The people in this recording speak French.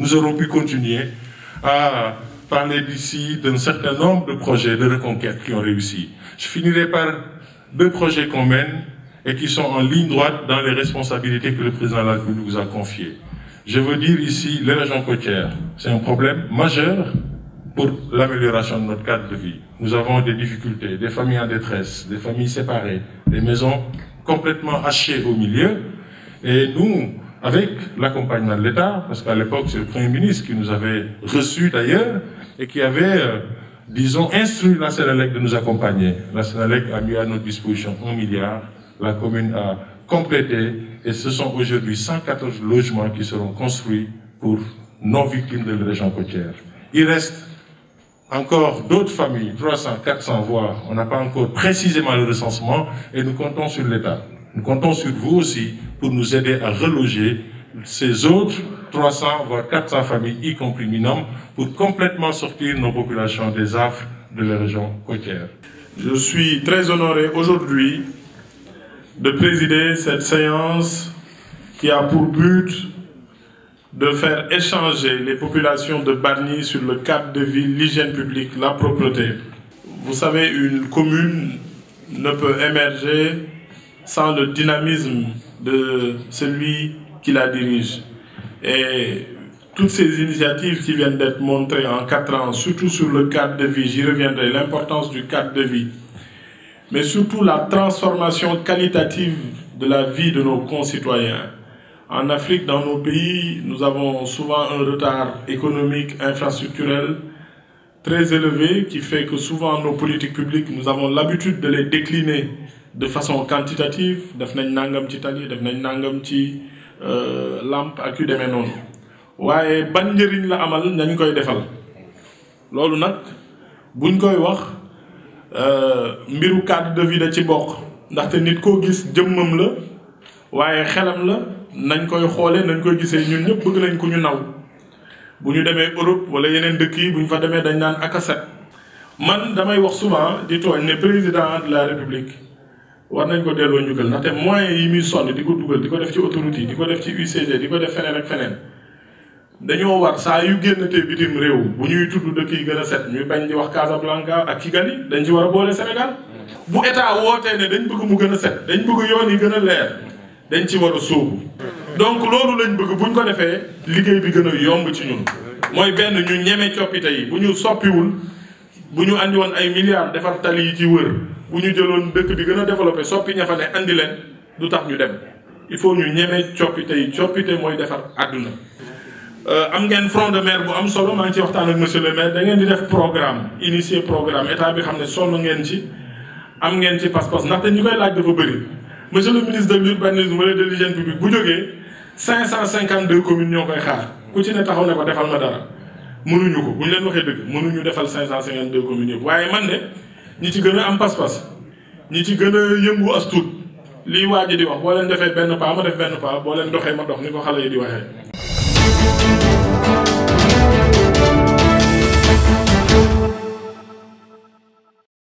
Nous aurons pu continuer à parler d'ici d'un certain nombre de projets de reconquête qui ont réussi. Je finirai par deux projets qu'on mène et qui sont en ligne droite dans les responsabilités que le président de la nous a confiées. Je veux dire ici les régions côtières. C'est un problème majeur pour l'amélioration de notre cadre de vie. Nous avons des difficultés, des familles en détresse, des familles séparées, des maisons complètement hachées au milieu. Et nous, avec l'accompagnement de l'État, parce qu'à l'époque c'est le Premier ministre qui nous avait reçus d'ailleurs, et qui avait, euh, disons, instruit la Sénélec de nous accompagner. La Sénélec a mis à notre disposition un milliard, la commune a complété, et ce sont aujourd'hui 114 logements qui seront construits pour non victimes de la région côtière. Il reste encore d'autres familles, 300, 400 voix. On n'a pas encore précisément le recensement et nous comptons sur l'État. Nous comptons sur vous aussi pour nous aider à reloger ces autres 300 voire 400 familles, y compris minimes pour complètement sortir nos populations des affres de la région côtière. Je suis très honoré aujourd'hui de présider cette séance qui a pour but de faire échanger les populations de Barny sur le cadre de vie, l'hygiène publique, la propreté. Vous savez, une commune ne peut émerger sans le dynamisme de celui qui la dirige. Et toutes ces initiatives qui viennent d'être montrées en quatre ans, surtout sur le cadre de vie, j'y reviendrai, l'importance du cadre de vie, mais surtout la transformation qualitative de la vie de nos concitoyens en Afrique, dans nos pays, nous avons souvent un retard économique, infrastructurel très élevé qui fait que souvent nos politiques publiques, nous avons l'habitude de les décliner de façon quantitative. Def nañ nangam ci tali, def nañ nangam ci euh, lampe ak yu demee noonu waaye ban njëriñ la amal nañ koy defal loolu nag buñ koy wax euh, mbiru cadre de vie da ci bokk ndaxte nit koo gis jëmmam la waaye xelam la. nañ koy xoolee nañ koy gisee ñun ñëpp bëgg nañ ku ñu naw bu ñu demee Europe wala yeneen dëkk yi bu ñu fa demee dañ naan akaset man damay wax souvent di tooñ ne président de la république war nañ ko delloo njukkal ndaxte moyens yi muy sonn di ko dugal di ko def ci autorité di ko def ci UCG di ko def feneen ak feneen dañoo war saa yu génn te bitim réew bu ñuy tudd dëkk yi gën a set ñu bañ di wax Casablanca ak ki Kigali dañ ci war a boole Sénégal mm. bu état wootee ne dañ mu gën a set dañ bëgg yoon yi gën a leer dañ ci war a donc loolu lañ bëgg buñ ko defee liggéey bi gën a yomb ci ñun mooy benn ñu ñeme coppite yi bu ñu soppiwul bu ñu andi woon ay milliards defar tali yi ci wër bu ñu jëloon dëkk bi gën a développé soppi ña fa ne andi leen du tax ñu dem il faut ñu ñeme coppite yi coppite mooy defar àdduna. Euh, am ngeen front de mer bu am solo maa ngi ci waxtaan ak monsieur le maire da ngeen di def programme initier programme état bi xam ne sonn ngeen ci am ngeen ci pas-pas ndaxte ñi koy laaj dafa bëri. monsieur le ministre de l'urbanisme wala de l'hygiène publique bu jógee cinq cent cinquante deux communes ñoo koy xaar ku ci ne taxaw ne ko defal ma dara mënuñu ko bu ñu leen waxee dëgg mënuñu defal cinq cent cinquante deux communes yëpp waaye man de ñi ci gën a am pas-pas ñi ci gën a yëngu as tuut lii waa di wax boo leen defee benn pas ma def benn pas boo leen doxee ma dox ni ko xale yi di waxee